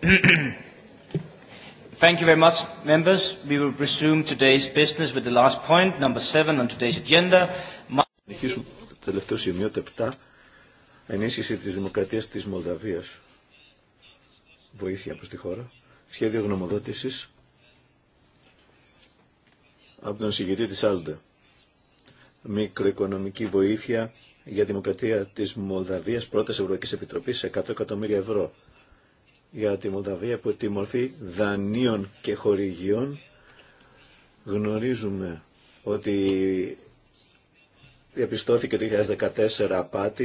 Thank you very much, members. We will resume today's business with the last point, number seven on today's agenda. το τελευταίο σημείο, 7, ενίσχυση της δημοκρατίας της Μολδαβίας. Βοήθεια προς τη χώρα. Σχέδιο γνωμοδότησης από τον συγκεκριτή της Άλντε. Μικροοικονομική βοήθεια για δημοκρατία της Μολδαβίας, πρώτας Ευρωπαϊκής Επιτροπής, 100 εκατομμύρια ευρώ για τη Μολδαβία που τη μορφή δανείων και χορηγιών γνωρίζουμε ότι διαπιστώθηκε το 2014 απάτη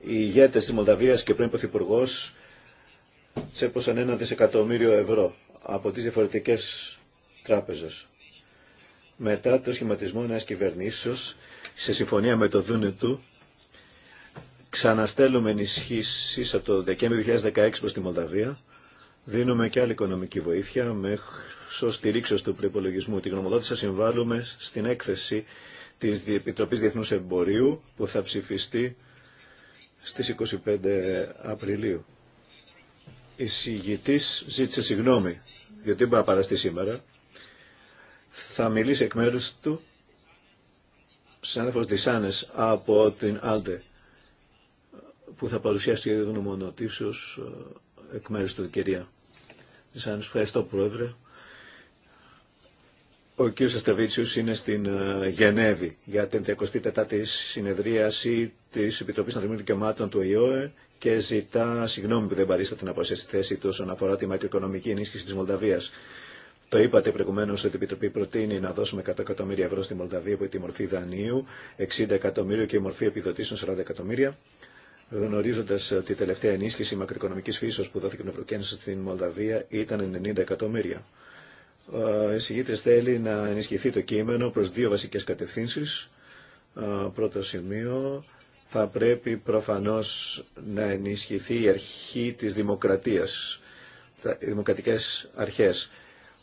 οι ηγέτες της Μολδαβίας και πρώην Πρωθυπουργός τσέπωσαν ένα δισεκατομμύριο ευρώ από τις διαφορετικές τράπεζες. Μετά το σχηματισμό ενός κυβερνήσεως, σε συμφωνία με το Δούνε του, Ξαναστέλουμε ενισχύσει από το Δεκέμβριο 2016 προ τη Μολδαβία. Δίνουμε και άλλη οικονομική βοήθεια σωστή ρήξη του προπολογισμού. Την γνωμοδότηση θα συμβάλλουμε στην έκθεση τη Επιτροπή Διεθνού Εμπορίου που θα ψηφιστεί στι 25 Απριλίου. Η συγητή ζήτησε συγγνώμη, διότι δεν παραστεί σήμερα. Θα μιλήσει εκ μέρου του συνάδελφος Δησάνες από την Άλτε που θα παρουσιάσει η γνωμονοτήσεως ε, εκ μέρους του κυρία. Σα ευχαριστώ Πρόεδρε. Ο κ. Σασταβίτσιος είναι στην ε, Γενέβη για την 34η συνεδρίαση της Επιτροπής Ανθρωπίνων Δικαιωμάτων του ΙΟΕ και ζητά συγγνώμη που δεν παρίσταται να παρουσιάσει τη θέση του όσον αφορά τη μακροοικονομική ενίσχυση της Μολδαβίας. Το είπατε προηγουμένω ότι η Επιτροπή προτείνει να δώσουμε 100 εκατομμύρια ευρώ στη Μολδαβία από τη μορφή δανείου, 60 εκατομμύρια και η μορφή επιδοτήσεων 40 εκατομμύρια γνωρίζοντα ότι ε, η τελευταία ενίσχυση μακροοικονομική φύσεω που δόθηκε την Ευρωκένωση στην Μολδαβία ήταν 90 εκατομμύρια. Ο ε, εισηγήτη θέλει να ενισχυθεί το κείμενο προ δύο βασικέ κατευθύνσει. Ε, πρώτο σημείο, θα πρέπει προφανώ να ενισχυθεί η αρχή τη δημοκρατία, οι δημοκρατικέ αρχέ.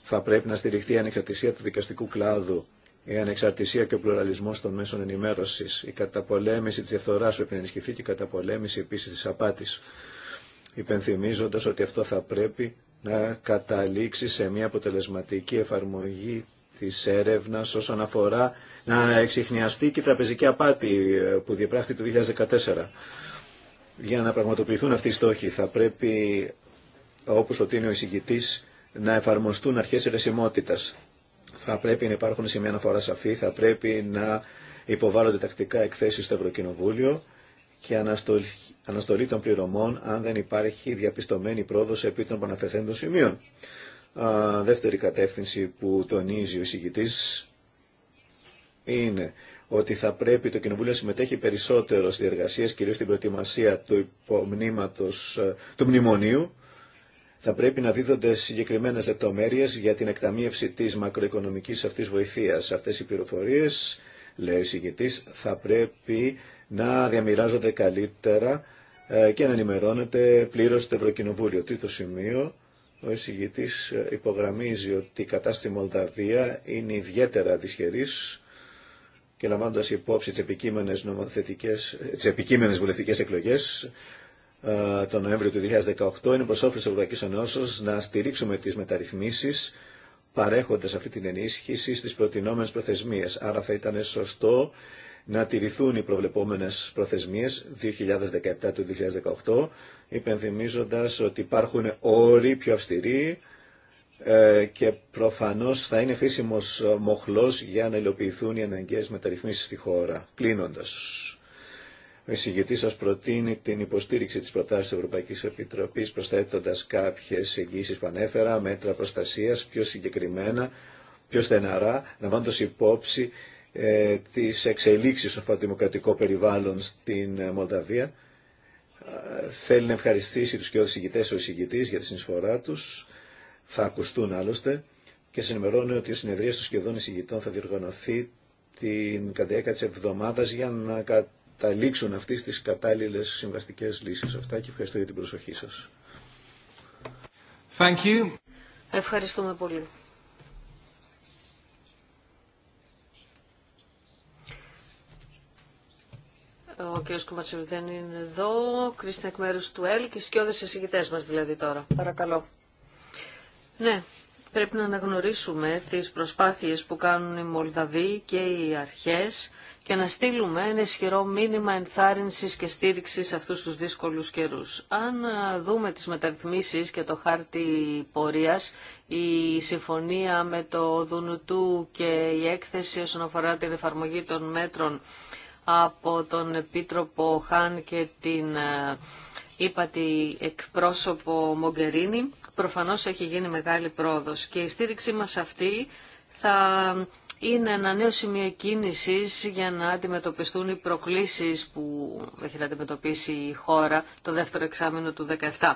Θα πρέπει να στηριχθεί η ανεξαρτησία του δικαστικού κλάδου η ανεξαρτησία και ο πλουραλισμό των μέσων ενημέρωση, η καταπολέμηση τη διαφθορά που ενισχυθεί και η καταπολέμηση επίση τη απάτη. Υπενθυμίζοντα ότι αυτό θα πρέπει να καταλήξει σε μια αποτελεσματική εφαρμογή τη έρευνα όσον αφορά να εξηχνιαστεί και η τραπεζική απάτη ε, που διεπράχθη το 2014. Για να πραγματοποιηθούν αυτοί οι στόχοι θα πρέπει, όπως ο ο εισηγητής, να εφαρμοστούν αρχές ερεσιμότητας θα πρέπει να υπάρχουν σημεία αναφορά σαφή, θα πρέπει να υποβάλλονται τακτικά εκθέσει στο Ευρωκοινοβούλιο και αναστολή των πληρωμών αν δεν υπάρχει διαπιστωμένη πρόοδος επί των παναφεθέντων σημείων. Α, δεύτερη κατεύθυνση που τονίζει ο εισηγητής είναι ότι θα πρέπει το Κοινοβούλιο να συμμετέχει περισσότερο στις διεργασίες, κυρίως στην προετοιμασία του, ε, του μνημονίου θα πρέπει να δίδονται συγκεκριμένες λεπτομέρειες για την εκταμείευση της μακροοικονομικής αυτής βοηθείας. Αυτές οι πληροφορίες, λέει ο εισηγητής, θα πρέπει να διαμοιράζονται καλύτερα ε, και να ενημερώνεται πλήρως το Ευρωκοινοβούλιο. Τρίτο σημείο, ο εισηγητής ε, υπογραμμίζει ότι η κατάσταση Μολδαβία είναι ιδιαίτερα δυσχερής και λαμβάνοντας υπόψη τι επικείμενες, βουλευτικέ τις εκλογές, ε, τον Νοέμβριο του 2018 είναι προς όφελος Ευρωπαϊκής Ενώσεως να στηρίξουμε τις μεταρρυθμίσεις παρέχοντας αυτή την ενίσχυση στις προτινόμενες προθεσμίες. Άρα θα ήταν σωστό να τηρηθούν οι προβλεπόμενες προθεσμίες 2017 του 2018, υπενθυμίζοντας ότι υπάρχουν όροι πιο αυστηροί ε, και προφανώς θα είναι χρήσιμος μοχλός για να υλοποιηθούν οι αναγκαίες μεταρρυθμίσεις στη χώρα. Κλείνοντας. Ο εισηγητή σα προτείνει την υποστήριξη τη προτάσεω της Ευρωπαϊκής Επιτροπής προσθέτοντα κάποιε εγγύσει που ανέφερα, μέτρα προστασία πιο συγκεκριμένα, πιο στεναρά, σε υπόψη ε, τις εξελίξεις στο δημοκρατικό περιβάλλον στην ε, Μολδαβία. Ε, θέλει να ευχαριστήσει του και όλους και ο εισηγητής για τη συνεισφορά του, Θα ακουστούν άλλωστε και συνημερώνει ότι η συνεδρία των σχεδόν εισηγητών θα διοργανωθεί την κατά τη εβδομάδα για να τα λήξουν αυτοί στις κατάλληλες συμβαστικές λύσεις. Αυτά και ευχαριστώ για την προσοχή σας. Thank you. Ευχαριστούμε πολύ. Ο κ. Κουμπατσέλη δεν είναι εδώ. Κρίστη εκ μέρου του ΕΛ και σκιώδε εισηγητέ μα δηλαδή τώρα. Παρακαλώ. Ναι, πρέπει να αναγνωρίσουμε τις προσπάθειες που κάνουν οι Μολδαβοί και οι αρχέ και να στείλουμε ένα ισχυρό μήνυμα ενθάρρυνσης και στήριξης σε αυτούς τους δύσκολους καιρούς. Αν δούμε τις μεταρρυθμίσεις και το χάρτη πορείας, η συμφωνία με το Δουνουτού και η έκθεση όσον αφορά την εφαρμογή των μέτρων από τον Επίτροπο Χάν και την ύπατη ε, εκπρόσωπο Μογκερίνη, προφανώς έχει γίνει μεγάλη πρόοδος και η στήριξή μας αυτή θα είναι ένα νέο σημείο κίνηση για να αντιμετωπιστούν οι προκλήσεις που έχει να αντιμετωπίσει η χώρα το δεύτερο εξάμεινο του 2017.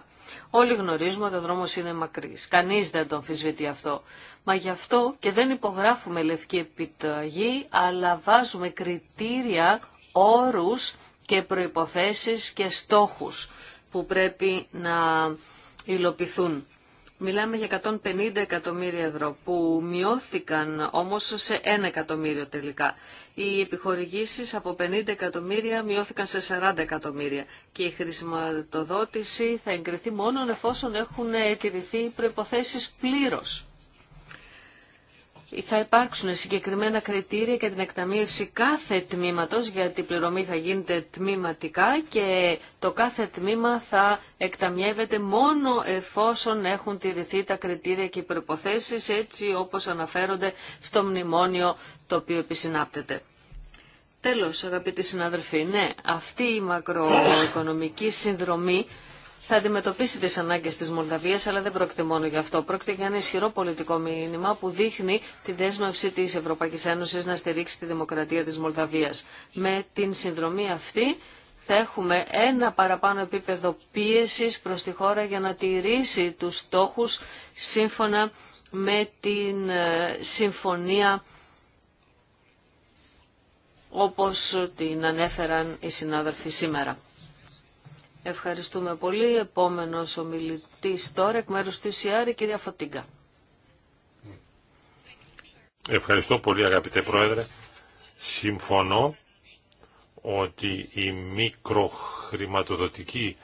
Όλοι γνωρίζουμε ότι ο δρόμος είναι μακρύ. Κανείς δεν το αμφισβητεί αυτό. Μα γι' αυτό και δεν υπογράφουμε λευκή επιταγή, αλλά βάζουμε κριτήρια, όρου και προϋποθέσεις και στόχου που πρέπει να υλοποιηθούν. Μιλάμε για 150 εκατομμύρια ευρώ που μειώθηκαν όμως σε 1 εκατομμύριο τελικά. Οι επιχορηγήσεις από 50 εκατομμύρια μειώθηκαν σε 40 εκατομμύρια και η χρηματοδότηση θα εγκριθεί μόνο εφόσον έχουν τηρηθεί προϋποθέσεις πλήρως θα υπάρξουν συγκεκριμένα κριτήρια για την εκταμείευση κάθε τμήματος, γιατί η πληρωμή θα γίνεται τμήματικά και το κάθε τμήμα θα εκταμιεύεται μόνο εφόσον έχουν τηρηθεί τα κριτήρια και οι προϋποθέσεις, έτσι όπως αναφέρονται στο μνημόνιο το οποίο επισυνάπτεται. Τέλος, αγαπητοί συναδελφοί, ναι, αυτή η μακροοικονομική συνδρομή θα αντιμετωπίσει τι ανάγκες της Μολδαβία, αλλά δεν πρόκειται μόνο για αυτό. Πρόκειται για ένα ισχυρό πολιτικό μήνυμα που δείχνει τη δέσμευση της Ευρωπαϊκή Ένωση να στηρίξει τη δημοκρατία της Μολδαβία. Με την συνδρομή αυτή θα έχουμε ένα παραπάνω επίπεδο πίεση προς τη χώρα για να τηρήσει του στόχου σύμφωνα με την ε, συμφωνία όπως την ανέφεραν οι συνάδελφοι σήμερα. Ευχαριστούμε πολύ. Επόμενος ομιλητής τώρα, εκ μέρους του ΙΣΙΑΡ, κυρία Φωτίγκα. Ευχαριστώ πολύ αγαπητέ Πρόεδρε. Συμφωνώ ότι η μικροχρηματοδοτική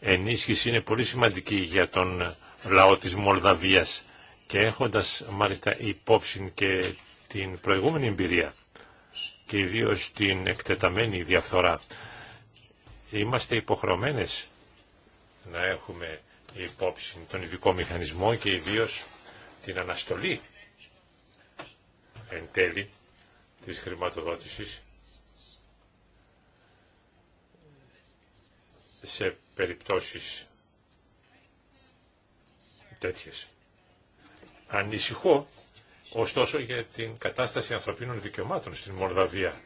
ενίσχυση είναι πολύ σημαντική για τον λαό της Μολδαβίας και έχοντας μάλιστα υπόψη και την προηγούμενη εμπειρία και ιδίως την εκτεταμένη διαφθορά Είμαστε υποχρεωμένες να έχουμε υπόψη τον ειδικό μηχανισμό και ιδίως την αναστολή εν τέλει της χρηματοδότησης σε περιπτώσεις τέτοιες. Ανησυχώ ωστόσο για την κατάσταση ανθρωπίνων δικαιωμάτων στην Μολδαβία.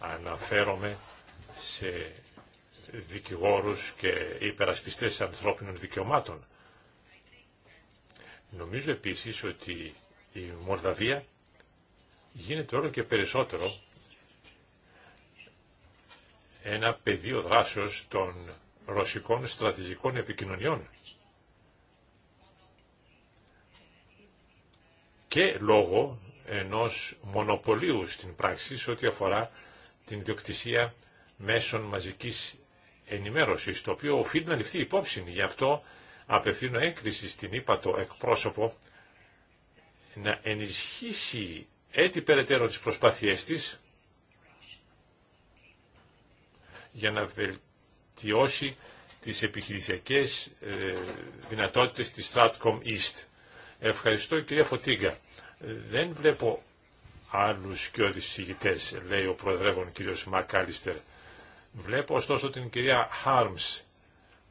Αναφέρομαι σε δικηγόρους και υπερασπιστές ανθρώπινων δικαιωμάτων. Νομίζω επίσης ότι η Μολδαβία γίνεται όλο και περισσότερο ένα πεδίο δράσεως των ρωσικών στρατηγικών επικοινωνιών. Και λόγω ενός μονοπωλίου στην πράξη σε ό,τι αφορά την ιδιοκτησία μέσων μαζικής ενημέρωσης, το οποίο οφείλει να ληφθεί υπόψη. Γι' αυτό απευθύνω έκκληση στην ύπατο εκπρόσωπο να ενισχύσει έτσι περαιτέρω τις προσπάθειές της για να βελτιώσει τις επιχειρησιακές ε, δυνατότητες της Stratcom East. Ευχαριστώ κυρία Φωτίγκα. Δεν βλέπω άλλους και οδησυγητές, λέει ο Προεδρεύων κύριος Μακάλιστερ. Βλέπω ωστόσο την κυρία Χάρμς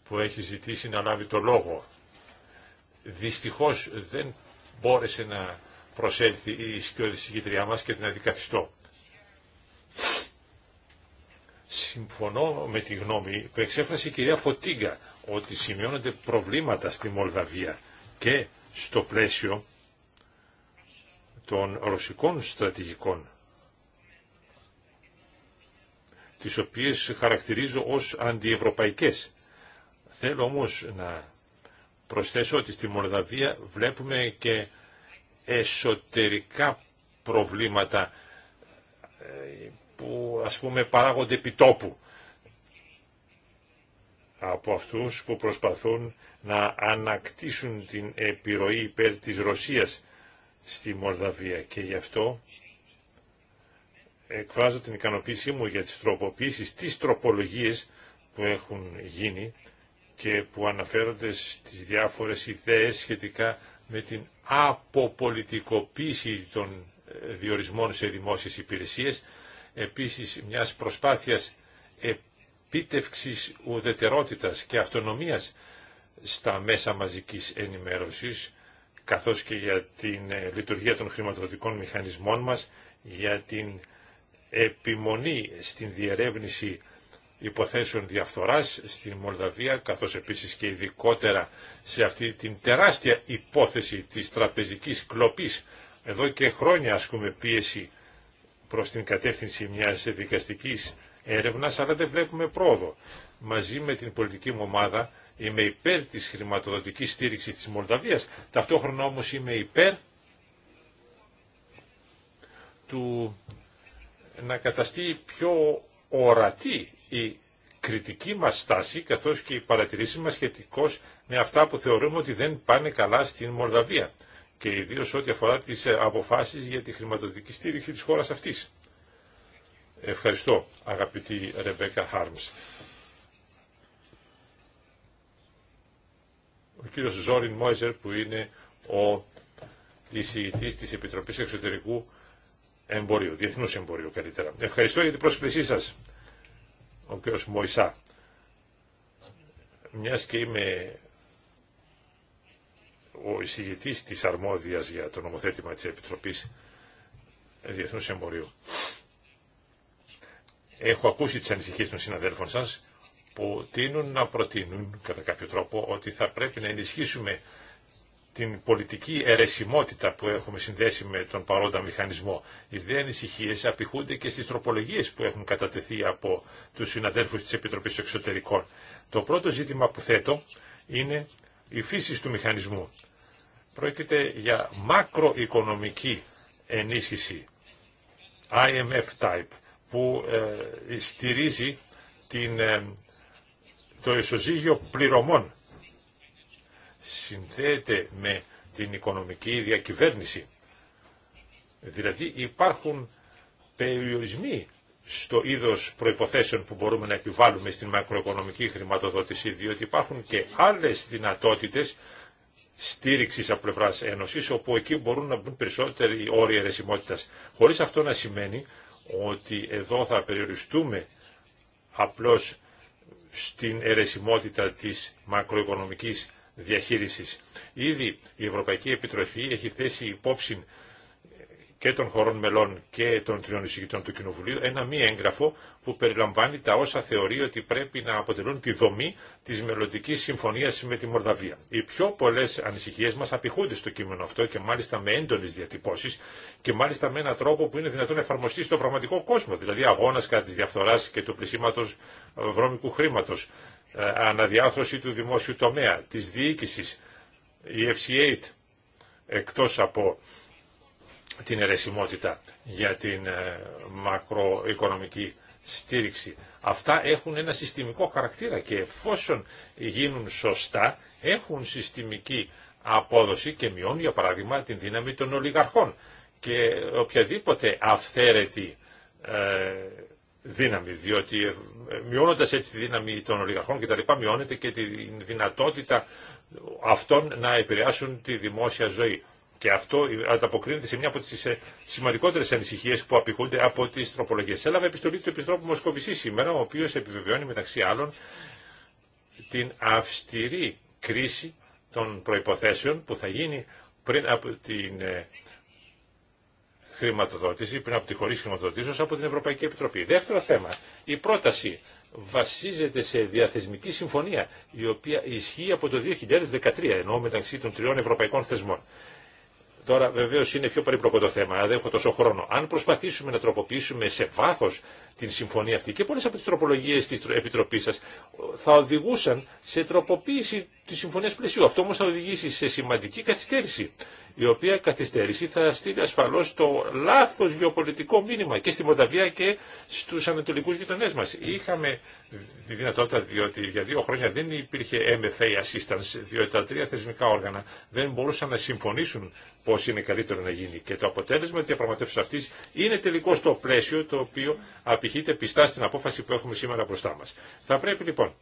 που έχει ζητήσει να λάβει το λόγο. Δυστυχώς δεν μπόρεσε να προσέλθει η σκιώδη μας και την αντικαθιστώ. Συμφωνώ με τη γνώμη που εξέφρασε η κυρία Φωτίγκα ότι σημειώνονται προβλήματα στη Μολδαβία και στο πλαίσιο των ρωσικών στρατηγικών τις οποίες χαρακτηρίζω ως αντιευρωπαϊκές. Θέλω όμως να προσθέσω ότι στη Μολδαβία βλέπουμε και εσωτερικά προβλήματα ε, που ας πούμε παράγονται επιτόπου από αυτούς που προσπαθούν να ανακτήσουν την επιρροή υπέρ της Ρωσίας στη Μολδαβία και γι' αυτό εκφράζω την ικανοποίησή μου για τις τροποποίησεις, τις τροπολογίες που έχουν γίνει και που αναφέρονται στις διάφορες ιδέες σχετικά με την αποπολιτικοποίηση των ε, διορισμών σε δημόσιες υπηρεσίες, επίσης μιας προσπάθειας επίτευξης ουδετερότητας και αυτονομίας στα μέσα μαζικής ενημέρωσης, καθώς και για την ε, λειτουργία των χρηματοδοτικών μηχανισμών μας, για την επιμονή στην διερεύνηση υποθέσεων διαφθοράς στην Μολδαβία, καθώς επίσης και ειδικότερα σε αυτή την τεράστια υπόθεση της τραπεζικής κλοπής. Εδώ και χρόνια ασκούμε πίεση προς την κατεύθυνση μιας δικαστικής έρευνας, αλλά δεν βλέπουμε πρόοδο. Μαζί με την πολιτική μου ομάδα είμαι υπέρ της χρηματοδοτικής στήριξης της Μολδαβίας, ταυτόχρονα όμως είμαι υπέρ του να καταστεί πιο ορατή η κριτική μας στάση καθώς και οι παρατηρήσεις μας σχετικώς με αυτά που θεωρούμε ότι δεν πάνε καλά στην Μολδαβία και ιδίω ό,τι αφορά τις ε, αποφάσεις για τη χρηματοδοτική στήριξη της χώρας αυτής. Ευχαριστώ αγαπητή Ρεμπέκα Χάρμς. Ο κύριος Ζόριν Μόιζερ που είναι ο εισηγητής της Επιτροπής Εξωτερικού εμπόριο, διεθνούς εμπόριο καλύτερα. Ευχαριστώ για την πρόσκλησή σας, ο κ. Μωυσά. Μιας και είμαι ο εισηγητής της αρμόδιας για το νομοθέτημα της Επιτροπής Διεθνούς Εμπορίου. Έχω ακούσει τις ανησυχίες των συναδέλφων σας που τείνουν να προτείνουν κατά κάποιο τρόπο ότι θα πρέπει να ενισχύσουμε την πολιτική αιρεσιμότητα που έχουμε συνδέσει με τον παρόντα μηχανισμό. Οι δε ανησυχίε απηχούνται και στις τροπολογίες που έχουν κατατεθεί από τους συναδέλφους της Επιτροπής Εξωτερικών. Το πρώτο ζήτημα που θέτω είναι η φύση του μηχανισμού. Πρόκειται για μακροοικονομική ενίσχυση, IMF type, που ε, στηρίζει την, ε, το ισοζύγιο πληρωμών συνδέεται με την οικονομική διακυβέρνηση. Δηλαδή υπάρχουν περιορισμοί στο είδος προϋποθέσεων που μπορούμε να επιβάλλουμε στην μακροοικονομική χρηματοδότηση, διότι υπάρχουν και άλλες δυνατότητες στήριξης από πλευρά Ένωσης, όπου εκεί μπορούν να μπουν περισσότεροι όροι αιρεσιμότητας. Χωρίς αυτό να σημαίνει ότι εδώ θα περιοριστούμε απλώς στην αιρεσιμότητα της μακροοικονομικής Ήδη η Ευρωπαϊκή Επιτροφή έχει θέσει υπόψη και των χωρών μελών και των τριών εισηγητών του Κοινοβουλίου ένα μη έγγραφο που περιλαμβάνει τα όσα θεωρεί ότι πρέπει να αποτελούν τη δομή τη μελλοντική συμφωνία με τη Μορδαβία. Οι πιο πολλέ ανησυχίε μα απηχούνται στο κείμενο αυτό και μάλιστα με έντονε διατυπώσει και μάλιστα με έναν τρόπο που είναι δυνατόν να εφαρμοστεί στο πραγματικό κόσμο. Δηλαδή αγώνα κατά τη διαφθορά και του πλησίματο βρώμικου χρήματο, ε, αναδιάρθρωση του δημόσιου τομέα, της διοίκησης, η FC8, εκτός από την ερεσιμότητα για την ε, μακροοικονομική στήριξη. Αυτά έχουν ένα συστημικό χαρακτήρα και εφόσον γίνουν σωστά έχουν συστημική απόδοση και μειώνουν για παράδειγμα την δύναμη των ολιγαρχών και οποιαδήποτε αυθαίρετη ε, δύναμη, διότι ε, μειώνοντας έτσι τη δύναμη των ολιγαρχών και τα λοιπά, μειώνεται και τη δυνατότητα αυτών να επηρεάσουν τη δημόσια ζωή. Και αυτό ανταποκρίνεται σε μια από τις ε, σημαντικότερες ανησυχίες που απηχούνται από τις τροπολογίε. Έλαβε επιστολή του Επιστρόπου Μοσκοβισή σήμερα, ο οποίος επιβεβαιώνει μεταξύ άλλων την αυστηρή κρίση των προϋποθέσεων που θα γίνει πριν από την ε, χρηματοδότηση, πριν από τη χωρί χρηματοδοτήσεω από την Ευρωπαϊκή Επιτροπή. Δεύτερο θέμα, η πρόταση βασίζεται σε διαθεσμική συμφωνία, η οποία ισχύει από το 2013, ενώ μεταξύ των τριών ευρωπαϊκών θεσμών. Τώρα βεβαίω είναι πιο περίπλοκο το θέμα, αλλά δεν έχω τόσο χρόνο. Αν προσπαθήσουμε να τροποποιήσουμε σε βάθο την συμφωνία αυτή και πολλέ από τι τροπολογίε τη Επιτροπή σα θα οδηγούσαν σε τροποποίηση τη συμφωνία πλαισίου. Αυτό όμω θα οδηγήσει σε σημαντική καθυστέρηση η οποία καθυστέρηση θα στείλει ασφαλώς το λάθος γεωπολιτικό μήνυμα και στη Μονταβία και στους ανατολικούς γειτονές μας. Είχαμε τη δυνατότητα διότι για δύο χρόνια δεν υπήρχε MFA assistance, διότι τα τρία θεσμικά όργανα δεν μπορούσαν να συμφωνήσουν πώς είναι καλύτερο να γίνει. Και το αποτέλεσμα της διαπραγματεύσεως αυτής είναι τελικό το πλαίσιο το οποίο απηχείται πιστά στην απόφαση που έχουμε σήμερα μπροστά μας. Θα πρέπει λοιπόν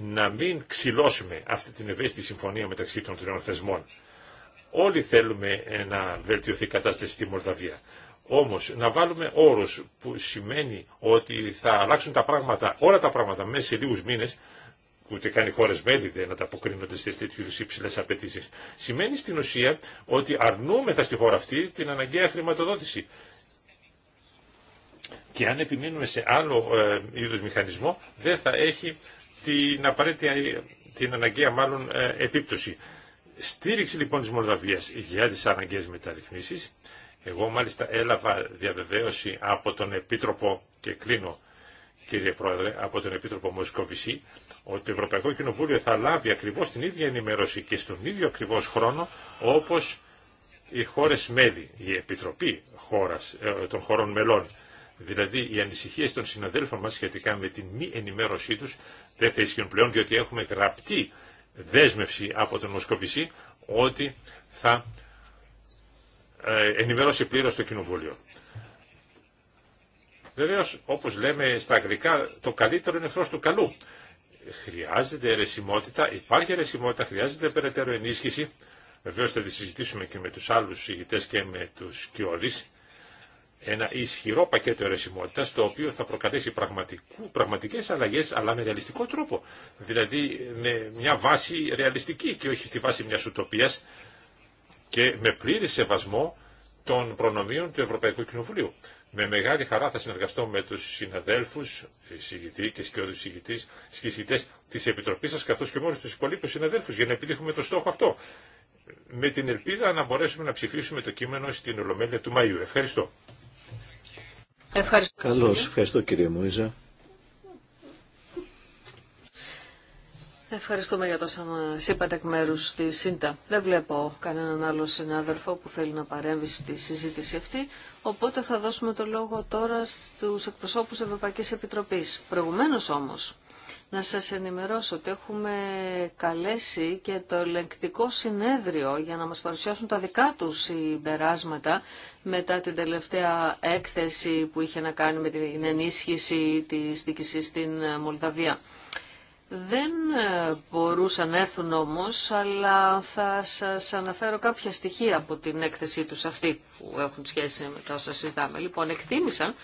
να μην ξυλώσουμε αυτή την ευαίσθητη συμφωνία μεταξύ των τριών θεσμών. Όλοι θέλουμε ε, να βελτιωθεί η κατάσταση στη Μολδαβία. Όμως να βάλουμε όρου που σημαίνει ότι θα αλλάξουν τα πράγματα, όλα τα πράγματα μέσα σε λίγους μήνες, που ούτε καν οι χώρε μέλη δεν ανταποκρίνονται σε τέτοιου υψηλέ απαιτήσει. Σημαίνει στην ουσία ότι αρνούμεθα στη χώρα αυτή την αναγκαία χρηματοδότηση. Και αν επιμείνουμε σε άλλο ε, είδου μηχανισμό, δεν θα έχει την απαραίτητη, την αναγκαία μάλλον ε, επίπτωση. Στήριξη λοιπόν της Μολδαβίας για τις αναγκαίες μεταρρυθμίσεις. Εγώ μάλιστα έλαβα διαβεβαίωση από τον Επίτροπο και κλείνω κύριε Πρόεδρε, από τον Επίτροπο Μοσκοβισή, ότι το Ευρωπαϊκό Κοινοβούλιο θα λάβει ακριβώς την ίδια ενημέρωση και στον ίδιο ακριβώς χρόνο όπως οι χώρες μέλη, η Επιτροπή χώρας, ε, των χωρών μελών Δηλαδή οι ανησυχίε των συναδέλφων μα σχετικά με την μη ενημέρωσή του δεν θα ισχύουν πλέον διότι έχουμε γραπτή δέσμευση από τον Μοσκοβισή ότι θα ε, ενημερώσει πλήρω το Κοινοβούλιο. Βεβαίω, όπω λέμε στα αγγλικά, το καλύτερο είναι εχθρό του καλού. Χρειάζεται ερεσιμότητα, υπάρχει ερεσιμότητα, χρειάζεται περαιτέρω ενίσχυση. Βεβαίω θα τη συζητήσουμε και με του άλλου ηγητές και με του κοιόδης ένα ισχυρό πακέτο αιρεσιμότητας το οποίο θα προκαλέσει πραγματικές αλλαγές αλλά με ρεαλιστικό τρόπο. Δηλαδή με μια βάση ρεαλιστική και όχι στη βάση μιας ουτοπίας και με πλήρη σεβασμό των προνομίων του Ευρωπαϊκού Κοινοβουλίου. Με μεγάλη χαρά θα συνεργαστώ με τους συναδέλφους, συγητή και σκιώδους συγητής, σκησιτές της Επιτροπής σας, καθώς και μόνο τους υπολείπους συναδέλφους, για να επιτύχουμε το στόχο αυτό. Με την ελπίδα να μπορέσουμε να ψηφίσουμε το κείμενο στην Ολομέλεια του Μαΐου. Ευχαριστώ. Ευχαριστώ. Καλώς. Ευχαριστώ κύριε Μουίζα. Ευχαριστούμε για το μας είπατε εκ μέρου τη ΣΥΝΤΑ. Δεν βλέπω κανέναν άλλο συνάδελφο που θέλει να παρέμβει στη συζήτηση αυτή, οπότε θα δώσουμε το λόγο τώρα στους εκπροσώπους Ευρωπαϊκής Επιτροπής. Προηγουμένως όμως, να σας ενημερώσω ότι έχουμε καλέσει και το ελεγκτικό συνέδριο για να μας παρουσιάσουν τα δικά τους συμπεράσματα μετά την τελευταία έκθεση που είχε να κάνει με την ενίσχυση της δίκησης στην Μολδαβία. Δεν ε, μπορούσαν να έρθουν όμως, αλλά θα σας αναφέρω κάποια στοιχεία από την έκθεσή τους αυτή που έχουν σχέση με τα όσα συζητάμε. Λοιπόν, εκτίμησαν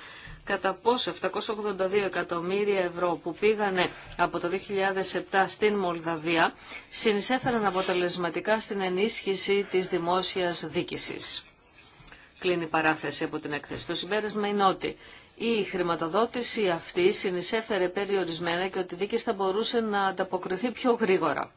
κατά πόσο 782 εκατομμύρια ευρώ που πήγανε από το 2007 στην Μολδαβία συνεισέφεραν αποτελεσματικά στην ενίσχυση της δημόσιας δίκησης. Κλείνει η παράθεση από την έκθεση. Το συμπέρασμα είναι ότι η χρηματοδότηση αυτή συνεισέφερε περιορισμένα και ότι δίκες θα μπορούσε να ανταποκριθεί πιο γρήγορα.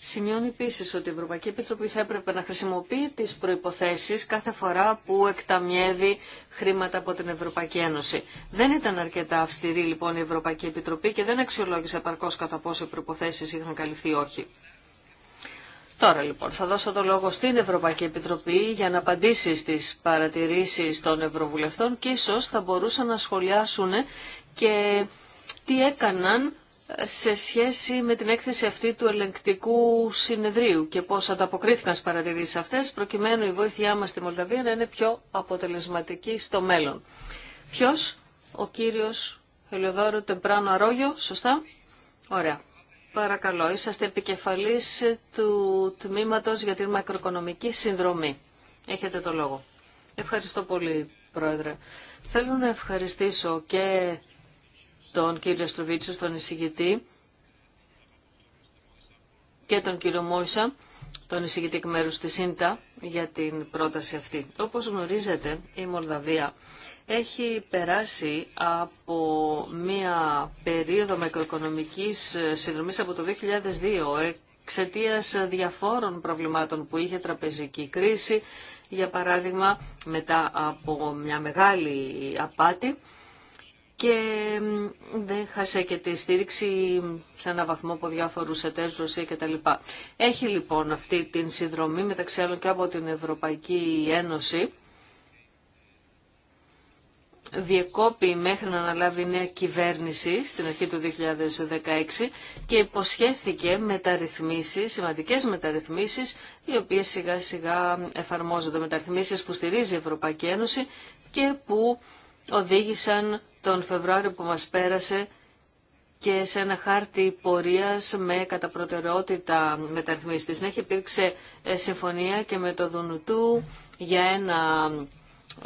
Σημειώνει επίση ότι η Ευρωπαϊκή Επιτροπή θα έπρεπε να χρησιμοποιεί τι προποθέσει κάθε φορά που εκταμιεύει χρήματα από την Ευρωπαϊκή Ένωση. Δεν ήταν αρκετά αυστηρή λοιπόν η Ευρωπαϊκή Επιτροπή και δεν αξιολόγησε επαρκώ κατά πόσο οι προποθέσει είχαν καλυφθεί όχι. Τώρα λοιπόν θα δώσω το λόγο στην Ευρωπαϊκή Επιτροπή για να απαντήσει στις παρατηρήσεις των Ευρωβουλευτών και ίσως θα μπορούσαν να σχολιάσουν και τι έκαναν σε σχέση με την έκθεση αυτή του ελεγκτικού συνεδρίου και πώς ανταποκρίθηκαν στις παρατηρήσεις αυτές προκειμένου η βοήθειά μας στη Μολδαβία να είναι πιο αποτελεσματική στο μέλλον. Ποιος? Ο κύριος Ελαιοδόρου Τεμπράνο Αρόγιο, σωστά? Ωραία. Παρακαλώ, είσαστε επικεφαλής του Τμήματος για την Μακροοικονομική Συνδρομή. Έχετε το λόγο. Ευχαριστώ πολύ, Πρόεδρε. Θέλω να ευχαριστήσω και τον κύριο Στροβίτσο, τον εισηγητή, και τον κύριο Μόισα, τον εισηγητή εκ μέρους της ΣΥΝΤΑ, για την πρόταση αυτή. Όπως γνωρίζετε, η Μολδαβία έχει περάσει από μία περίοδο μακροοικονομικής ε, συνδρομής από το 2002 εξαιτία διαφόρων προβλημάτων που είχε τραπεζική κρίση, για παράδειγμα μετά από μια μεγάλη απάτη και δέχασε και τη στήριξη σε ένα βαθμό από διάφορους εταίρους Ρωσία κτλ. Έχει λοιπόν αυτή την συνδρομή μεταξύ άλλων και από την Ευρωπαϊκή Ένωση διεκόπη μέχρι να αναλάβει νέα κυβέρνηση στην αρχή του 2016 και υποσχέθηκε μεταρρυθμίσεις, σημαντικές μεταρρυθμίσεις, οι οποίες σιγά σιγά εφαρμόζονται. Μεταρρυθμίσεις που στηρίζει η Ευρωπαϊκή Ένωση και που οδήγησαν τον Φεβρουάριο που μας πέρασε και σε ένα χάρτη πορείας με κατά προτεραιότητα μεταρρυθμίσεις. Στη συνέχεια υπήρξε ε, συμφωνία και με το Δουνουτού για ένα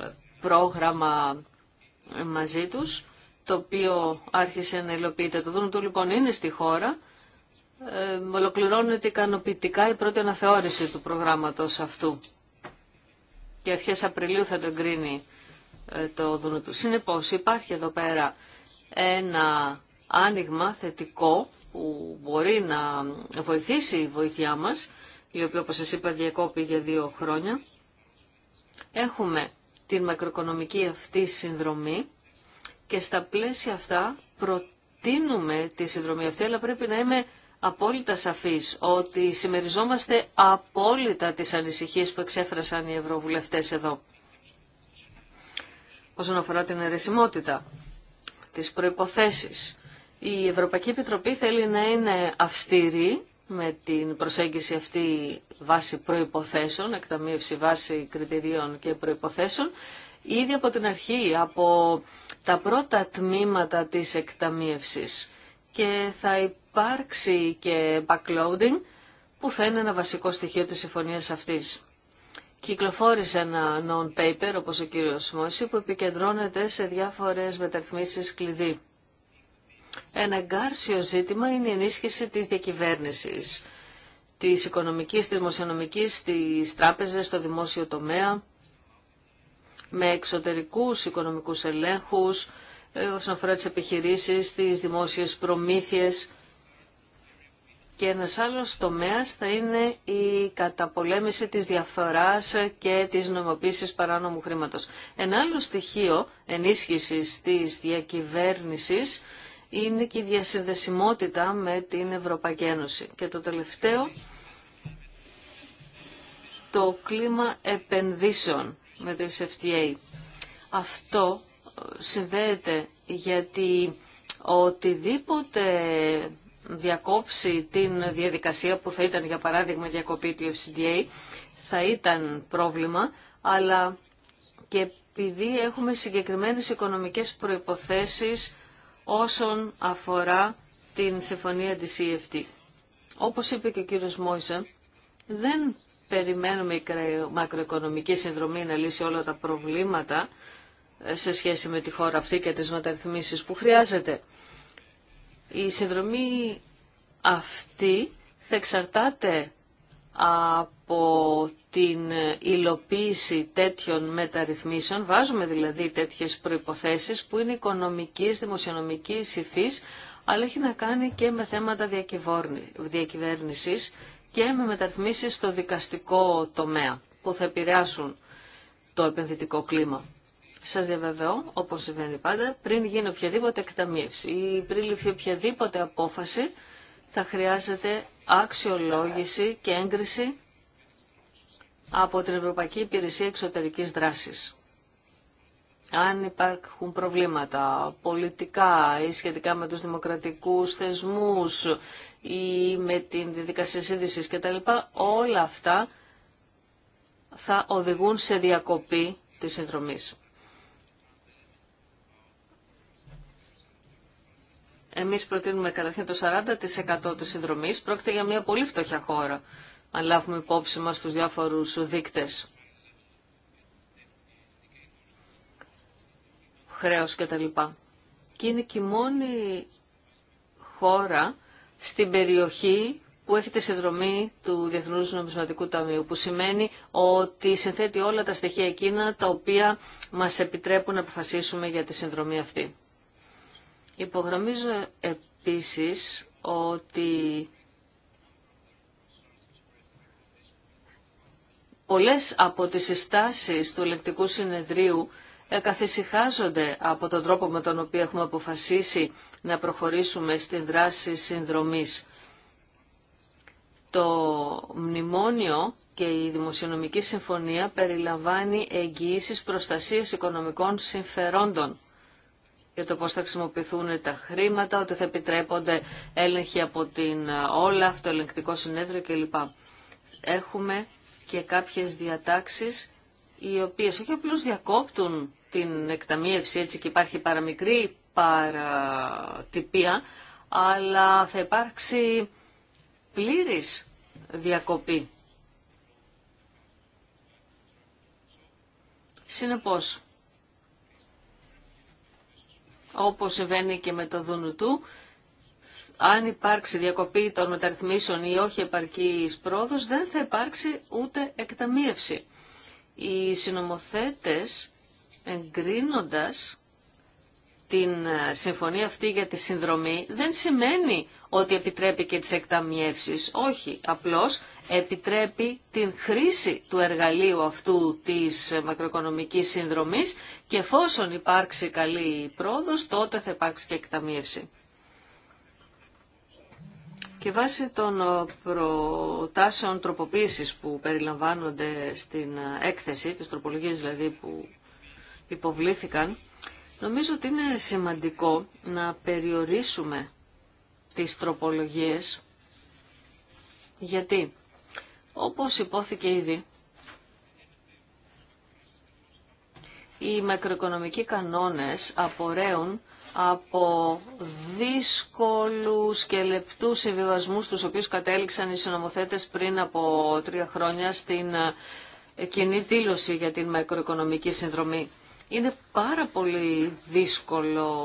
ε, πρόγραμμα μαζί τους, το οποίο άρχισε να υλοποιείται. Το δούνο του λοιπόν είναι στη χώρα. Ε, ολοκληρώνεται ικανοποιητικά η πρώτη αναθεώρηση του προγράμματος αυτού. Και αρχές Απριλίου θα το εγκρίνει ε, το δούνο του. Συνεπώς υπάρχει εδώ πέρα ένα άνοιγμα θετικό που μπορεί να βοηθήσει η βοήθειά μας, η οποία όπως σας είπα διακόπη για δύο χρόνια. Έχουμε την μακροοικονομική αυτή συνδρομή και στα πλαίσια αυτά προτείνουμε τη συνδρομή αυτή, αλλά πρέπει να είμαι απόλυτα σαφής ότι συμμεριζόμαστε απόλυτα τις ανησυχίες που εξέφρασαν οι ευρωβουλευτές εδώ. Όσον αφορά την αιρεσιμότητα, τις προϋποθέσεις, η Ευρωπαϊκή Επιτροπή θέλει να είναι αυστηρή με την προσέγγιση αυτή βάση προϋποθέσεων, εκταμείευση βάση κριτηρίων και προϋποθέσεων, ήδη από την αρχή, από τα πρώτα τμήματα της εκταμείευσης και θα υπάρξει και backloading που θα είναι ένα βασικό στοιχείο της συμφωνίας αυτής. Κυκλοφόρησε ένα non-paper, όπως ο κύριος Μόση, που επικεντρώνεται σε διάφορες μεταρρυθμίσεις κλειδί. Ένα εγκάρσιο ζήτημα είναι η ενίσχυση της διακυβέρνησης, της οικονομικής, της δημοσιονομικής, της τράπεζας, στο δημόσιο τομέα, με εξωτερικούς οικονομικούς ελέγχους, ε, όσον αφορά τις επιχειρήσεις, τις δημόσιες προμήθειες. Και ένας άλλος τομέας θα είναι η καταπολέμηση της διαφθοράς και της νομοποίησης παράνομου χρήματος. Ένα άλλο στοιχείο ενίσχυσης της διακυβέρνησης είναι και η διασυνδεσιμότητα με την Ευρωπαϊκή Ένωση. Και το τελευταίο, το κλίμα επενδύσεων με το SFTA. Αυτό ε, συνδέεται γιατί οτιδήποτε διακόψει την διαδικασία που θα ήταν για παράδειγμα διακοπή του FCDA θα ήταν πρόβλημα, αλλά και επειδή έχουμε συγκεκριμένες οικονομικές προϋποθέσεις όσον αφορά την συμφωνία της EFT. Όπως είπε και ο κύριος Μόισεν, δεν περιμένουμε η μακροοικονομική συνδρομή να λύσει όλα τα προβλήματα ε, σε σχέση με τη χώρα αυτή και τις μεταρρυθμίσεις που χρειάζεται. Η συνδρομή αυτή θα εξαρτάται από την υλοποίηση τέτοιων μεταρρυθμίσεων. Βάζουμε δηλαδή τέτοιες προϋποθέσεις που είναι οικονομικής, δημοσιονομικής υφής, αλλά έχει να κάνει και με θέματα διακυβέρνησης και με μεταρρυθμίσεις στο δικαστικό τομέα που θα επηρεάσουν το επενδυτικό κλίμα. Σας διαβεβαιώ, όπως συμβαίνει πάντα, πριν γίνει οποιαδήποτε εκταμείευση ή πριν ληφθεί οποιαδήποτε απόφαση, θα χρειάζεται αξιολόγηση και έγκριση από την Ευρωπαϊκή Υπηρεσία Εξωτερικής Δράσης. Αν υπάρχουν προβλήματα πολιτικά ή σχετικά με τους δημοκρατικούς θεσμούς ή με την διαδικασία σύνδεσης κτλ. Όλα αυτά θα οδηγούν σε διακοπή της συνδρομής. Εμεί προτείνουμε καταρχήν το 40% της συνδρομή. Πρόκειται για μια πολύ φτωχιά χώρα, αν λάβουμε υπόψη μας στου διάφορους δείκτες. Χρέος και Και είναι και η μόνη χώρα στην περιοχή που έχει τη συνδρομή του Διεθνούς Νομισματικού Ταμείου, που σημαίνει ότι συνθέτει όλα τα στοιχεία εκείνα τα οποία μας επιτρέπουν να αποφασίσουμε για τη συνδρομή αυτή. Υπογραμμίζω επίσης ότι πολλές από τις συστάσεις του ελεκτικού συνεδρίου καθησυχάζονται από τον τρόπο με τον οποίο έχουμε αποφασίσει να προχωρήσουμε στην δράση συνδρομής. Το μνημόνιο και η δημοσιονομική συμφωνία περιλαμβάνει εγγυήσεις προστασίας οικονομικών συμφερόντων για το πώς θα χρησιμοποιηθούν τα χρήματα, ότι θα επιτρέπονται έλεγχοι από την ε, όλα, το ελεγκτικό συνέδριο κλπ. Έχουμε και κάποιες διατάξεις οι οποίες όχι απλώς διακόπτουν την εκταμείευση έτσι και υπάρχει παραμικρή παρατυπία, αλλά θα υπάρξει πλήρης διακοπή. Συνεπώς, όπως συμβαίνει και με το Δουνουτού, αν υπάρξει διακοπή των μεταρρυθμίσεων ή όχι επαρκής πρόοδος, δεν θα υπάρξει ούτε εκταμίευση. Οι συνομοθέτες εγκρίνοντας την ε, συμφωνία αυτή για τη συνδρομή δεν σημαίνει ότι επιτρέπει και τις εκταμιεύσεις. Όχι, απλώς επιτρέπει την χρήση του εργαλείου αυτού της μακροοικονομικής συνδρομής και εφόσον υπάρξει καλή πρόοδος, τότε θα υπάρξει και εκταμίευση. Και βάσει των ε, προτάσεων τροποποίησης που περιλαμβάνονται στην ε, έκθεση, τις τροπολογίες δηλαδή που υποβλήθηκαν, νομίζω ότι είναι σημαντικό να περιορίσουμε τις τροπολογίες. Γιατί, όπως υπόθηκε ήδη, οι μακροοικονομικοί κανόνες απορρέουν από δύσκολους και λεπτούς συμβιβασμούς τους οποίους κατέληξαν οι συνομοθέτες πριν από τρία χρόνια στην ε, κοινή δήλωση για την μακροοικονομική συνδρομή. Είναι πάρα πολύ δύσκολο,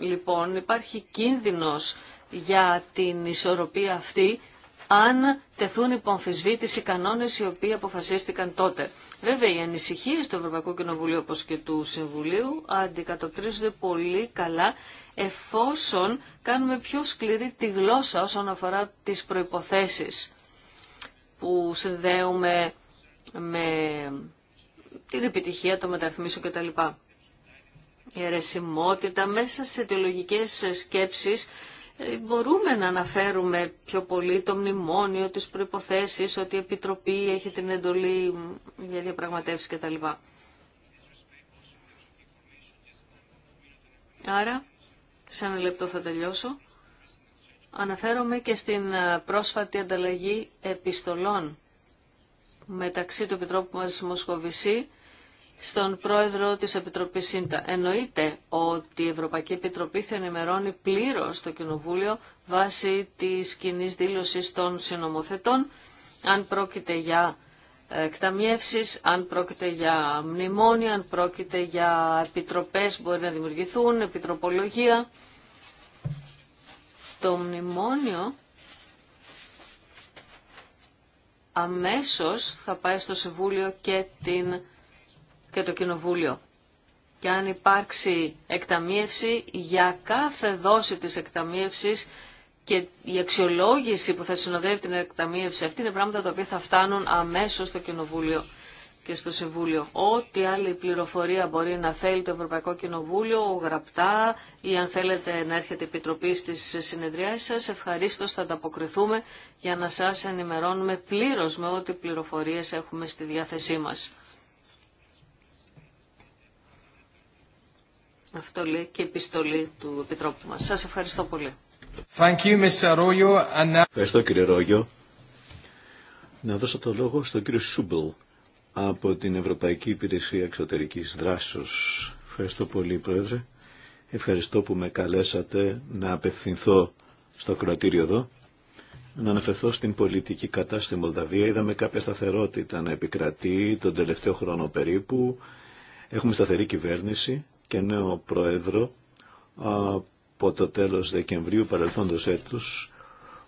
λοιπόν, υπάρχει κίνδυνος για την ισορροπία αυτή αν τεθούν υπό οι κανόνες οι οποίοι αποφασίστηκαν τότε. Βέβαια, οι ανησυχίε του Ευρωπαϊκού Κοινοβουλίου όπως και του Συμβουλίου αντικατοπτρίζονται πολύ καλά εφόσον κάνουμε πιο σκληρή τη γλώσσα όσον αφορά τις προϋποθέσεις που συνδέουμε με την επιτυχία των μεταρρυθμίσεων κτλ. Η αιρεσιμότητα μέσα σε αιτιολογικέ σκέψεις μπορούμε να αναφέρουμε πιο πολύ το μνημόνιο, τις προϋποθέσεις, ότι η Επιτροπή έχει την εντολή για διαπραγματεύσεις κτλ. Άρα, σε ένα λεπτό θα τελειώσω. Αναφέρομαι και στην ε, πρόσφατη ανταλλαγή επιστολών μεταξύ του Επιτρόπου μας στον πρόεδρο της Επιτροπής ΣΥΝΤΑ. Εννοείται ότι η Ευρωπαϊκή Επιτροπή θα ενημερώνει πλήρως το Κοινοβούλιο βάσει της κοινή δήλωσης των συνομοθετών, αν πρόκειται για εκταμιεύσεις, αν πρόκειται για μνημόνια, αν πρόκειται για επιτροπές που μπορεί να δημιουργηθούν, επιτροπολογία. Το μνημόνιο αμέσως θα πάει στο Συμβούλιο και την και το Κοινοβούλιο. Και αν υπάρξει εκταμίευση, για κάθε δόση της εκταμίευσης και η αξιολόγηση που θα συνοδεύει την εκταμίευση αυτή είναι πράγματα τα οποία θα φτάνουν αμέσως στο Κοινοβούλιο και στο Συμβούλιο. Ό,τι άλλη πληροφορία μπορεί να θέλει το Ευρωπαϊκό Κοινοβούλιο, γραπτά ή αν θέλετε να έρχεται η επιτροπή στις συνεδριάσεις σας, ευχαρίστως θα ανταποκριθούμε για να σας ενημερώνουμε πλήρως με ό,τι πληροφορίες έχουμε στη διάθεσή μας. Αυτό λέει και η επιστολή του Επιτρόπου μας. Σας ευχαριστώ πολύ. Thank you, Mr. Ευχαριστώ κύριε Ρόγιο. Να δώσω το λόγο στον κύριο Σούμπελ από την Ευρωπαϊκή Υπηρεσία Εξωτερικής Δράσεως. Ευχαριστώ πολύ Πρόεδρε. Ευχαριστώ που με καλέσατε να απευθυνθώ στο κρατήριο εδώ. Να αναφερθώ στην πολιτική κατάσταση στη Μολδαβία. Είδαμε κάποια σταθερότητα να επικρατεί τον τελευταίο χρόνο περίπου. Έχουμε σταθερή κυβέρνηση και νέο πρόεδρο από το τέλος Δεκεμβρίου παρελθόντος έτους.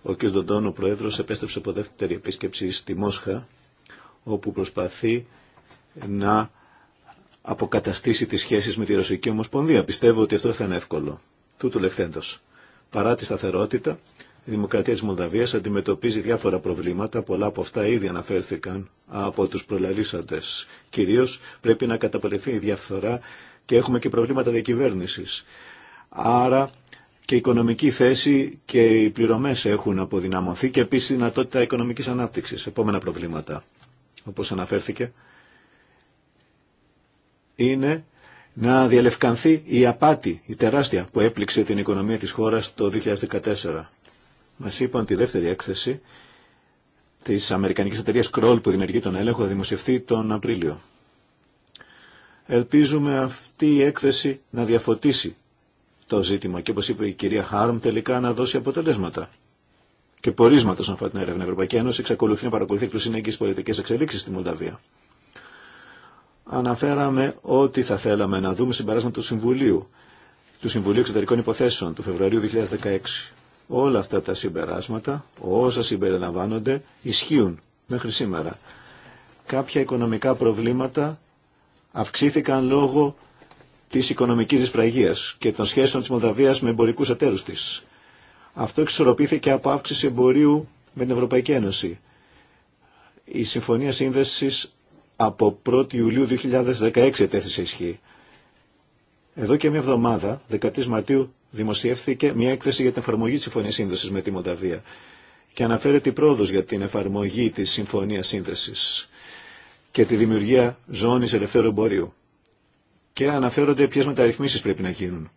Ο κ. Δοντών, ο πρόεδρος, επέστρεψε από δεύτερη επίσκεψη στη Μόσχα, όπου προσπαθεί να αποκαταστήσει τις σχέσεις με τη Ρωσική Ομοσπονδία. Πιστεύω ότι αυτό θα είναι εύκολο. Τούτου λεχθέντος. Παρά τη σταθερότητα, η Δημοκρατία της Μολδαβίας αντιμετωπίζει διάφορα προβλήματα, πολλά από αυτά ήδη αναφέρθηκαν από τους προλαλήσαντες. Κυρίως πρέπει να καταπολεθεί η διαφθορά και έχουμε και προβλήματα διακυβέρνηση. Άρα και η οικονομική θέση και οι πληρωμές έχουν αποδυναμωθεί και επίσης η δυνατότητα οικονομικής ανάπτυξης. Επόμενα προβλήματα, όπως αναφέρθηκε, είναι να διαλευκανθεί η απάτη, η τεράστια που έπληξε την οικονομία της χώρας το 2014. Μας είπαν τη δεύτερη έκθεση της Αμερικανικής εταιρείας Kroll που δημιουργεί τον έλεγχο δημοσιευτεί τον Απρίλιο. Ελπίζουμε αυτή η έκθεση να διαφωτίσει το ζήτημα και όπως είπε η κυρία Χάρμ τελικά να δώσει αποτελέσματα. Και πορίσματα σε αυτή την έρευνα. Η Ευρωπαϊκή Ένωση εξακολουθεί να παρακολουθεί εκ του πολιτικές πολιτικέ εξελίξει στη Μολδαβία. Αναφέραμε ότι θα θέλαμε να δούμε συμπεράσματα του Συμβουλίου, του Συμβουλίου Εξωτερικών Υποθέσεων του Φεβρουαρίου 2016. Όλα αυτά τα συμπεράσματα, όσα συμπεριλαμβάνονται, ισχύουν μέχρι σήμερα. Κάποια οικονομικά προβλήματα αυξήθηκαν λόγω της οικονομικής δυσπραγίας και των σχέσεων τη Μολδαβία με εμπορικούς εταίρου τη. Αυτό εξορροπήθηκε από αύξηση εμπορίου με την Ευρωπαϊκή Ένωση. Η συμφωνια συνδεση Σύνδεσης από 1η Ιουλίου 2016 ετέθησε ισχύ. Εδώ και μια εβδομάδα, 13 Μαρτίου, δημοσιεύθηκε μια έκθεση για την εφαρμογή τη Συμφωνίας Σύνδεση με τη Μολδαβία και αναφέρεται η πρόοδο για την εφαρμογή τη συμφωνία σύνδεση και τη δημιουργία ζώνη ελευθέρου εμπορίου. Και αναφέρονται ποιε μεταρρυθμίσει πρέπει να γίνουν.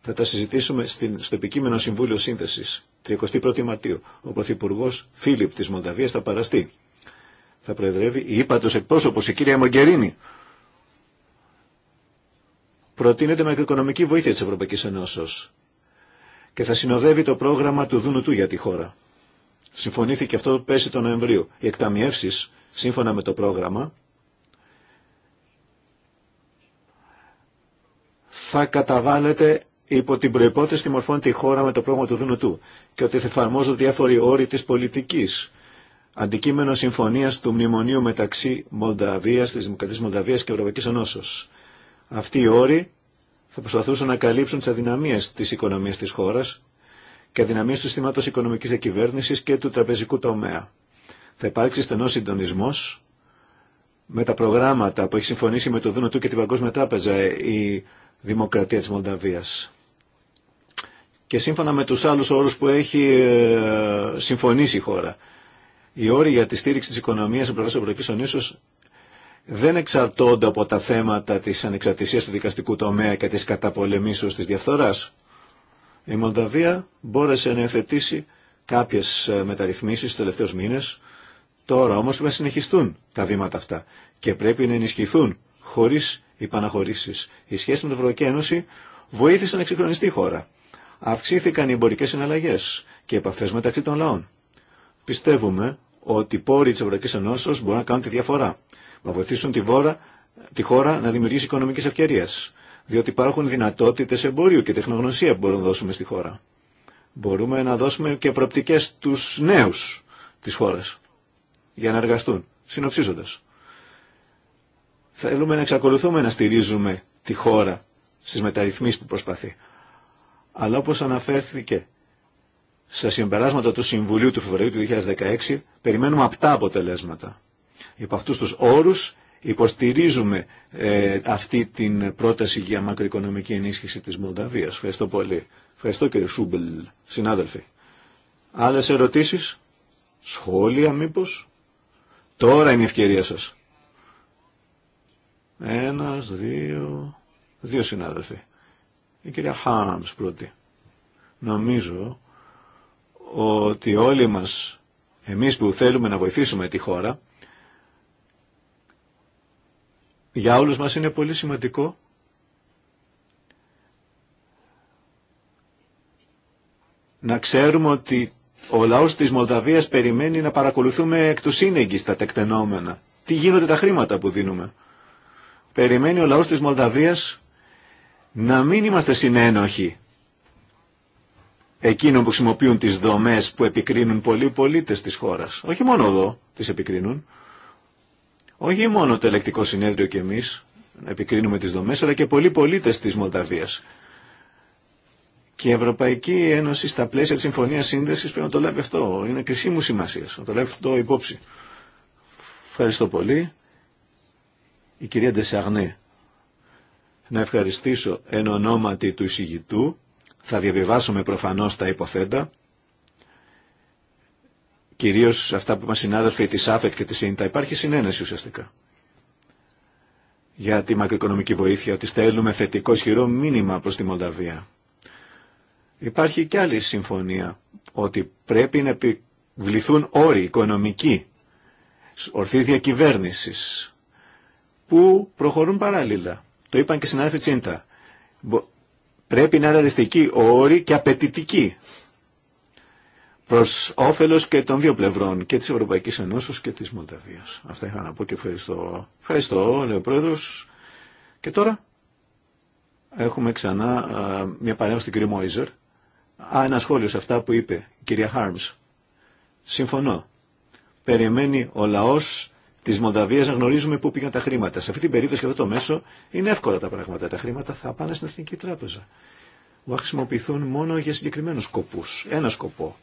Θα τα συζητήσουμε στην, στο επικείμενο Συμβούλιο Σύνθεσης, 31 η Μαρτίου. Ο Πρωθυπουργό Φίλιπ τη μονταβιας θα παραστεί. Θα προεδρεύει η υπατο εκπροσωπο η κυρία Μογκερίνη. Προτείνεται μακροοικονομική βοήθεια τη ευρωπαικη ενωσεω και θα συνοδεύει το πρόγραμμα του Δούνου του για τη χώρα. Συμφωνήθηκε αυτό πέρσι τον Νοεμβρίο. Οι εκταμιεύσει σύμφωνα με το πρόγραμμα, θα καταβάλλεται υπό την προϋπόθεση τη μορφών τη χώρα με το πρόγραμμα του Δουνουτού και ότι θα εφαρμόζουν διάφοροι όροι της πολιτικής. Αντικείμενο συμφωνίας του μνημονίου μεταξύ Μολδαβίας, της Δημοκρατίας Μολδαβίας και Ευρωπαϊκής Ενώσεως. Αυτοί οι όροι θα προσπαθούσαν να καλύψουν τις αδυναμίες της οικονομίας της χώρας και αδυναμίες του συστήματος οικονομικής διακυβέρνησης και του τραπεζικού τομέα. Θα υπάρξει στενό συντονισμό με τα προγράμματα που έχει συμφωνήσει με το ΔΝΤ και την Παγκόσμια Τράπεζα η Δημοκρατία της Μολδαβίας. Και σύμφωνα με τους άλλους όρους που έχει ε, συμφωνήσει η χώρα. Οι όροι για τη στήριξη της οικονομίας στην πλευρά Ευρωπαϊκή Ονίσου δεν εξαρτώνται από τα θέματα της ανεξαρτησίας του δικαστικού τομέα και της καταπολεμήσεως της διαφθοράς. Η Μολδαβία μπόρεσε να εφετήσει κάποιες ε, μεταρρυθμίσεις στους τελευταίους μήνες Τώρα όμως πρέπει να συνεχιστούν τα βήματα αυτά και πρέπει να ενισχυθούν χωρίς υπαναχωρήσεις. Η σχέση με την Ευρωπαϊκή Ένωση βοήθησε να εξυγχρονιστεί η χώρα. Αυξήθηκαν οι εμπορικές συναλλαγές και οι επαφές μεταξύ των λαών. Πιστεύουμε ότι οι πόροι της Ευρωπαϊκής Ενώσεως μπορούν να κάνουν τη διαφορά. Να βοηθήσουν τη, βόρα, τη χώρα να δημιουργήσει οικονομικές ευκαιρίες. Διότι υπάρχουν δυνατότητες εμπορίου και τεχνογνωσία που μπορούμε να δώσουμε στη χώρα. Μπορούμε να δώσουμε και προοπτικές στους νέους της χώρας για να εργαστούν. Συνοψίζοντας, θέλουμε να εξακολουθούμε να στηρίζουμε τη χώρα στις μεταρρυθμίσεις που προσπαθεί. Αλλά όπως αναφέρθηκε στα συμπεράσματα του Συμβουλίου του Φεβρουαρίου του 2016, περιμένουμε απτά αποτελέσματα. Υπό αυτούς τους όρους υποστηρίζουμε ε, αυτή την πρόταση για μακροοικονομική ενίσχυση της Μολδαβίας. Ευχαριστώ πολύ. Ευχαριστώ κύριε Σούμπελ, συνάδελφοι. Άλλες ερωτήσεις, σχόλια μήπως. Τώρα είναι η ευκαιρία σας. Ένας, δύο, δύο συνάδελφοι. Η κυρία Χάμς πρώτη. Νομίζω ότι όλοι μας, εμείς που θέλουμε να βοηθήσουμε τη χώρα, για όλους μας είναι πολύ σημαντικό να ξέρουμε ότι ο λαός της Μολδαβίας περιμένει να παρακολουθούμε εκ του σύνεγγυ τα τεκτενόμενα. Τι γίνονται τα χρήματα που δίνουμε. Περιμένει ο λαός της Μολδαβίας να μην είμαστε συνένοχοι εκείνων που χρησιμοποιούν τις δομές που επικρίνουν πολλοί πολίτες της χώρας. Όχι μόνο εδώ τις επικρίνουν. Όχι μόνο το ελεκτικό συνέδριο και εμείς επικρίνουμε τις δομές, αλλά και πολλοί πολίτες της Μολδαβίας. Και η Ευρωπαϊκή Ένωση στα πλαίσια τη Συμφωνία Σύνδεση πρέπει να το λάβει αυτό. Είναι κρισίμου σημασία να το λάβει αυτό υπόψη. Ευχαριστώ πολύ. Η κυρία Ντεσαγνέ. Να ευχαριστήσω εν ονόματι του εισηγητού. Θα διαβιβάσουμε προφανώ τα υποθέτα. Κυρίω αυτά που μας συνάδελφοι τη ΑΦΕΤ και τη ΣΥΝΤΑ Υπάρχει συνένεση ουσιαστικά. Για τη μακροοικονομική βοήθεια, ότι στέλνουμε θετικό ισχυρό μήνυμα προς τη Μολδαβία. Υπάρχει και άλλη συμφωνία ότι πρέπει να επιβληθούν όροι οικονομικοί ορθής διακυβέρνησης που προχωρούν παράλληλα. Το είπαν και συνάδελφοι Τσίντα. Πρέπει να είναι ρεαλιστικοί όροι και απαιτητικοί προς όφελος και των δύο πλευρών και της Ευρωπαϊκής Ενώσεως και της Μολδαβίας. Αυτά είχα να πω και ευχαριστώ. Ευχαριστώ, λέει ο Πρόεδρος. Και τώρα έχουμε ξανά μια παρέμβαση του κ. Μόιζερ. Α, ένα σχόλιο σε αυτά που είπε η κυρία Χάρμς. Συμφωνώ. Περιμένει ο λαός τη Μολδαβία να γνωρίζουμε πού πήγαν τα χρήματα. Σε αυτή την περίπτωση και αυτό το μέσο είναι εύκολα τα πράγματα. Τα χρήματα θα πάνε στην Εθνική Τράπεζα. Θα χρησιμοποιηθούν μόνο για συγκεκριμένου σκοπού. Ένα σκοπό.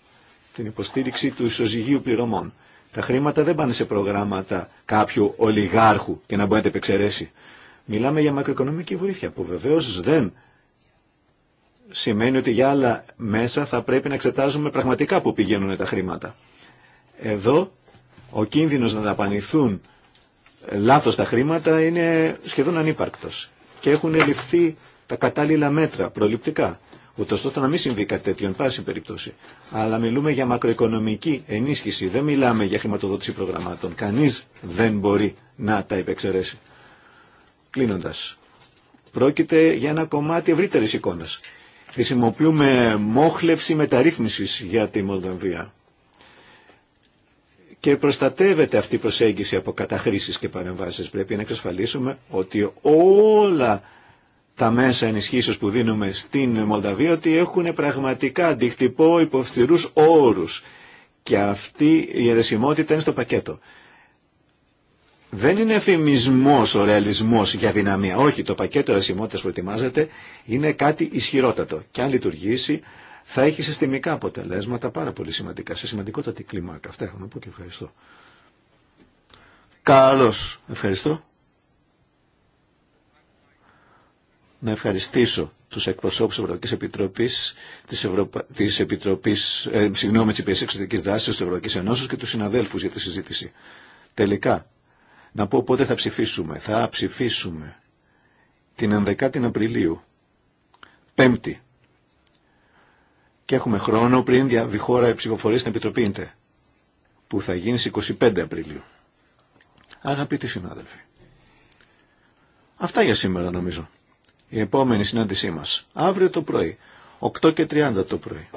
Την υποστήριξη του ισοζυγίου πληρωμών. Τα χρήματα δεν πάνε σε προγράμματα κάποιου ολιγάρχου και να μπορεί να τα επεξαιρέσει. Μιλάμε για μακροοικονομική βοήθεια που βεβαίω δεν σημαίνει ότι για άλλα μέσα θα πρέπει να εξετάζουμε πραγματικά που πηγαίνουν τα χρήματα. Εδώ ο κίνδυνος να δαπανηθούν λάθος τα χρήματα είναι σχεδόν ανύπαρκτος και έχουν ληφθεί τα κατάλληλα μέτρα προληπτικά ούτω ώστε να μην συμβεί κάτι τέτοιο, εν πάση περιπτώσει. Αλλά μιλούμε για μακροοικονομική ενίσχυση, δεν μιλάμε για χρηματοδότηση προγραμμάτων. Κανεί δεν μπορεί να τα υπεξαιρέσει. Κλείνοντα, πρόκειται για ένα κομμάτι ευρύτερη εικόνα χρησιμοποιούμε μόχλευση μεταρρύθμισης για τη Μολδαβία. Και προστατεύεται αυτή η προσέγγιση από καταχρήσεις και παρεμβάσεις. Πρέπει να εξασφαλίσουμε ότι όλα τα μέσα ενισχύσεως που δίνουμε στην Μολδαβία ότι έχουν πραγματικά αντιχτυπώ υποφθυρούς όρους. Και αυτή η αιρεσιμότητα είναι στο πακέτο δεν είναι εφημισμός ο ρεαλισμός για δυναμία. Όχι, το πακέτο ερασιμότητας που ετοιμάζεται είναι κάτι ισχυρότατο. Και αν λειτουργήσει θα έχει συστημικά αποτελέσματα πάρα πολύ σημαντικά. Σε σημαντικότατη κλιμάκα. Αυτά έχω να πω και ευχαριστώ. Καλώς. Ευχαριστώ. Να ευχαριστήσω τους εκπροσώπους της Ευρωπαϊκής Επιτροπής, της, Ευρωπα... της Επιτροπής, ε, συγγνώμη, της Υπηρεσίας Εξωτερικής Δράσης της Ευρωπαϊκής και τους συναδέλφους για τη συζήτηση. Τελικά, να πω πότε θα ψηφίσουμε. Θα ψηφίσουμε την 11η Απριλίου, Πέμπτη. Και έχουμε χρόνο πριν διαβηχώρα ψηφοφορία στην Επιτροπή Ιντε, που θα γίνει στις 25 Απριλίου. Αγαπητοί συνάδελφοι, αυτά για σήμερα νομίζω. Η επόμενη συνάντησή μας, αύριο το πρωί, 8 και 30 το πρωί.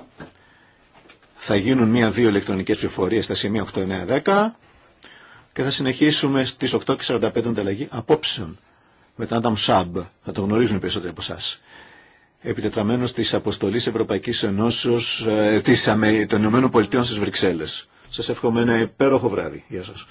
Θα γίνουν μία-δύο ηλεκτρονικές ψηφοφορίες στα σημεία 8, 9, 10 και θα συνεχίσουμε στις 8.45 ανταλλαγή απόψεων με τον Άνταμ Σαμπ, θα το γνωρίζουν περισσότερο από εσά. Επιτετραμένος της Αποστολής Ευρωπαϊκής Ενώσεως ε, της, των Ηνωμένων Πολιτείων στις Βρυξέλλες. Σας εύχομαι ένα υπέροχο βράδυ. Γεια σας.